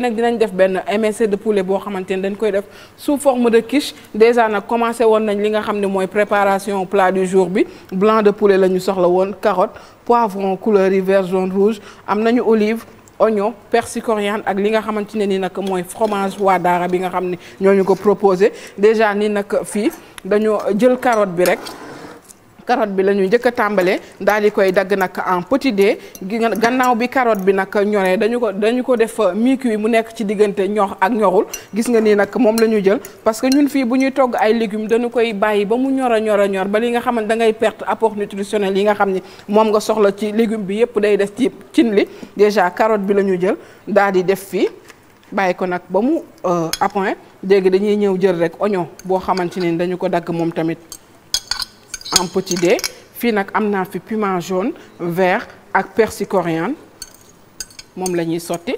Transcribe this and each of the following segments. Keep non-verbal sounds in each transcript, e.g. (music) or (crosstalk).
nag dinañ def benn MSC de poulet boo xamante ne dañ koy def sous forme de quiche déjà nag commencé woon nañ li nga xam ne mooy préparation plat du jour bi blanc de poulet la ñu soxla woon carotte poivron couleur yi vert jaune rouge am nañu olive oignon persil coriandre ak li nga xamante ne ni nag mooy fromage waa daara bi nga xam ne ñooñu ko proposé déjà ni nag fii dañoo jël carotte bi rek karoot bi la ñuy njëkk a tàmbalee daal di koy dagg nag en petit dé gannaaw bi carotte bi nag ñoree dañu ko dañu ko def mi-cuit mu nekk ci diggante ñor ak ñorul gis nga ni nag moom la ñu jël parce que ñun fii bu ñuy togg ay légumes dañu koy bàyyi ba mu ñor a ñor a ñor ba li nga xam ne da ngay perte apport nutritionnel yi nga xam ne moom nga soxla ci légume bi yépp day def ci cin li déjà karoot bi la ñu jël daal di def fii bàyyi ko nag ba mu à euh, point léegi dañuy ñëw jël rek oignon boo xamante ni dañu ko dagg moom tamit en petit dé fii nag am naa fi piment jaune vert ak persil moom la ñuy sotti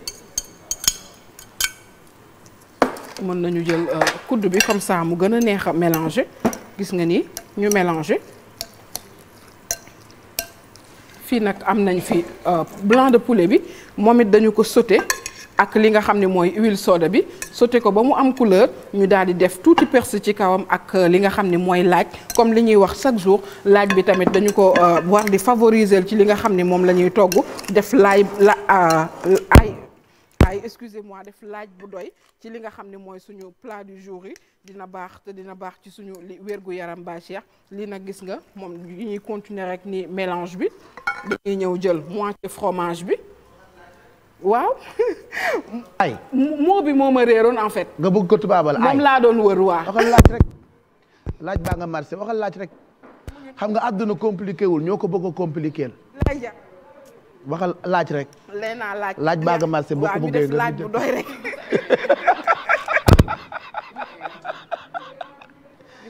mën nañu jël euh, kuddu bi comme ça mu gën a neex a mélanger gis nga ni ñu mélanger fii nag am nañ fi euh, blanc de poulet bi moom it dañu ko sauté ak li nga xam ne mooy huile soda bi sote ko ba mu am couleur ñu daal di def tuuti persil ci kawam ak euh, li nga xam ne mooy laaj comme li ñuy wax chaque jour laaj bi tamit dañu ko euh, war di favoriser ci li nga xam ne moom la ñuy togg def laay la euh, ay ay excusez-moi def laaj bu doy ci li nga xam ne mooy suñu plat du jour yi dina baax te dina baax ci suñu wérgu yaram ba Cheikh lii nag gis nga moom ñuy continuer rek ni mélange bi dañuy ñëw jël moitié fromage bi waaw. ay moo bi moo ma réeroon en fait. nga bëgg ko tubaabal ay moom laa doon wër waa. waxal laaj rek laaj baa nga marché waxal laaj rek xam nga àdduna compliqué wul ñoo ko bëgg a compliqué waxal laaj rek. léegi naa laaj laaj baa nga marché boo ko bëggee nga laaj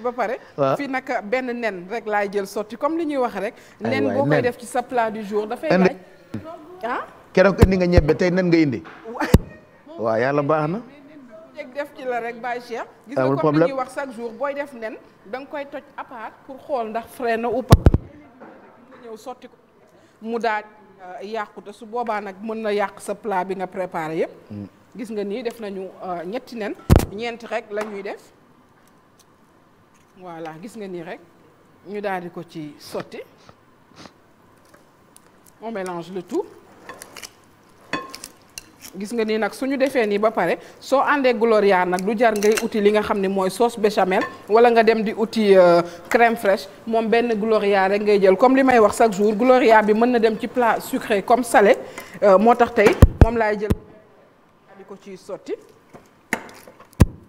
bu (laughs) pare fii nag benn nen rek laay jël sotti comme li ñuy wax rek. nen boo koy def ci sa plat du jour dafay laaj ah? keroog indi nga ñebbe tey nan nga indi waaw yàlla baax na jeg def ci la rek bàyyi Cheikh gis nga comme wax chaque jour booy def nen danga koy toj à pour xool ndax frais na ou pas ñëw sotti daal euh, yàqu te su boobaa nag mën na yàq sa plat bi nga préparé yëpp mm. gis nga nii def nañu euh, ñetti nen ñeenti rek la ñuy def voilà gis nga nii rek ñu daal di ko ci sotti on mélange le tout gis nga nii nag suñu defee nii ba pare soo àndee gloria nag du jar ngay uti li nga xam ne mooy sauce béchamel wala nga dem di uti euh, crème fraîche moom benn gloria rek ngay jël comme li may wax chaque jour gloria bi mën na dem ci plat sucré comme sale euh, moo tax tey moom laay jël di ko ciy sotti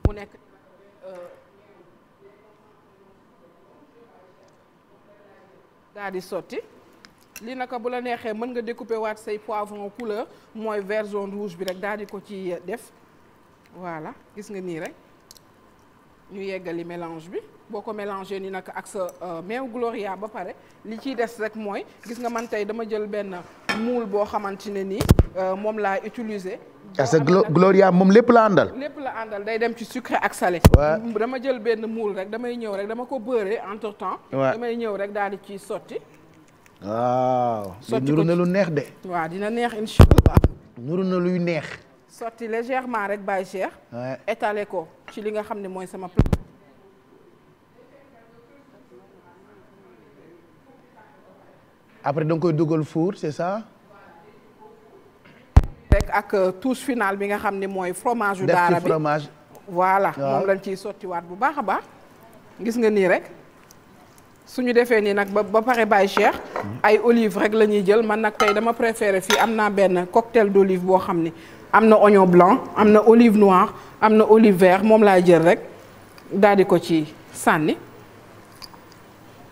mu nekk euh, daa di sotti li naka bu la neexee mën nga découper waat say poivron couleur mooy vert jaune rouge bi rek daal ko ci def voilà gis nga nii rek ñu yeggali mélange bi boo ko mélangé ni nag ak sa euh, meew gloria ba pare li ciy des rek mooy gis nga man tey dama jël benn moule boo xamante ne nii euh, moom laa utiliser parce ah, que gloria moom lépp la àndal lépp la àndal day dem ci sucré ak salé dama jël benn muul rek damay ñëw rek dama ko beurré entre temps damay ñëw rek daal di ciy sotti waaw. sotti nuru na lu neex de. waaw dina neex incha allah. nuru na luy neex. sotti légèrement rek bàyyi Cheikh. waaw ko ci li nga xam ne mooy sama plat. après da koy dugal fuur c'est ça. rek ak euh, touche final bi nga xam ne mooy fromage. yu daara bi def voilà moom lañ ciy sottiwaat bu baax a baax. gis nga nii rek. su ñu defee nii nag ba ba pare bàyyi Cheikh ay olive rek la ñuy jël man nag tey dama préféré fii am na benn cocktail d'olive boo xam ni am na oignon blanc am na olive noire am na olive vert moom laay jël rek daal di ko ci sànni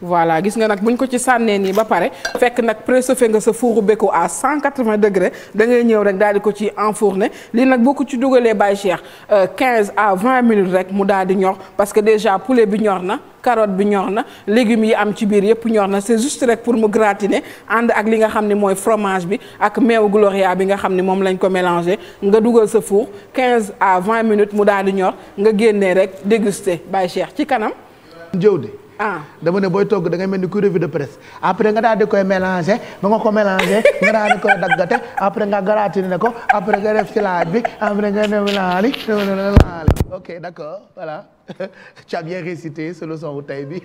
voilà gis nga nag buñ ko ci sànnee nii ba pare fekk nag préchauffé nga sa four beku à 180 degrés da ngay ñëw rek daal di ko ci en enfourner lii nag boo ko ci dugalee bàyyi Cheikh euh, quinze à vingt minutes rek mu daal di ñor parce que déjà poulet bi ñor na. carotte bi ñor na légumes yi am ci biir yëpp ñor na c'est juste rek pour mu gratiner ànd ak li nga xam ne mooy fromage bi ak meew gloria bi nga xam ne moom lañ ko mélangé nga dugal sa four quinze à 20 minutes mu daal di ñor nga génnee rek déguster bàyyi Cheikh ci kanam. jëw de Ah. dama ne booy togg dangay ngay mel ni kuy de presse après nga daal di koy mélangé ba nga ko mélangé nga daal di koy daggate après nga garaatini ne ko après nga def ci laaj bi après nga dem laali laali ok d'accord voilà (laughs) tu bien récité sa wu tey bi